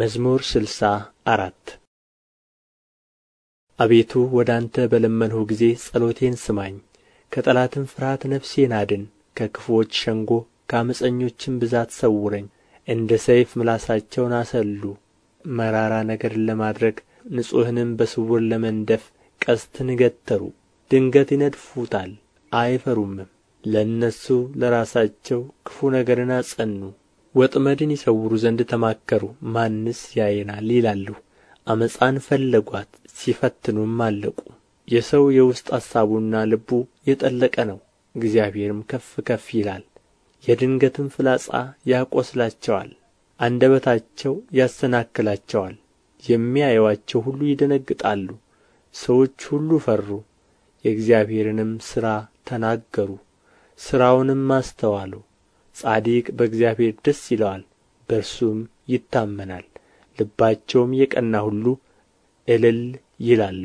መዝሙር ስልሳ አራት አቤቱ ወደ አንተ በለመንሁ ጊዜ ጸሎቴን ስማኝ። ከጠላትም ፍርሃት ነፍሴን አድን። ከክፉዎች ሸንጎ ከአመፀኞችም ብዛት ሰውረኝ። እንደ ሰይፍ ምላሳቸውን አሰሉ፣ መራራ ነገርን ለማድረግ ንጹሕንም በስውር ለመንደፍ ቀስትን ገተሩ። ድንገት ይነድፉታል አይፈሩምም። ለእነሱ ለራሳቸው ክፉ ነገርን አጸኑ፣ ወጥመድን ይሰውሩ ዘንድ ተማከሩ ማንስ ያየናል ይላሉ ዓመፃን ፈለጓት ሲፈትኑም አለቁ የሰው የውስጥ ሐሳቡና ልቡ የጠለቀ ነው እግዚአብሔርም ከፍ ከፍ ይላል የድንገትም ፍላጻ ያቈስላቸዋል አንደበታቸው ያሰናክላቸዋል የሚያዩአቸው ሁሉ ይደነግጣሉ ሰዎች ሁሉ ፈሩ የእግዚአብሔርንም ሥራ ተናገሩ ሥራውንም አስተዋሉ ጻድቅ በእግዚአብሔር ደስ ይለዋል በእርሱም ይታመናል ልባቸውም የቀና ሁሉ እልል ይላሉ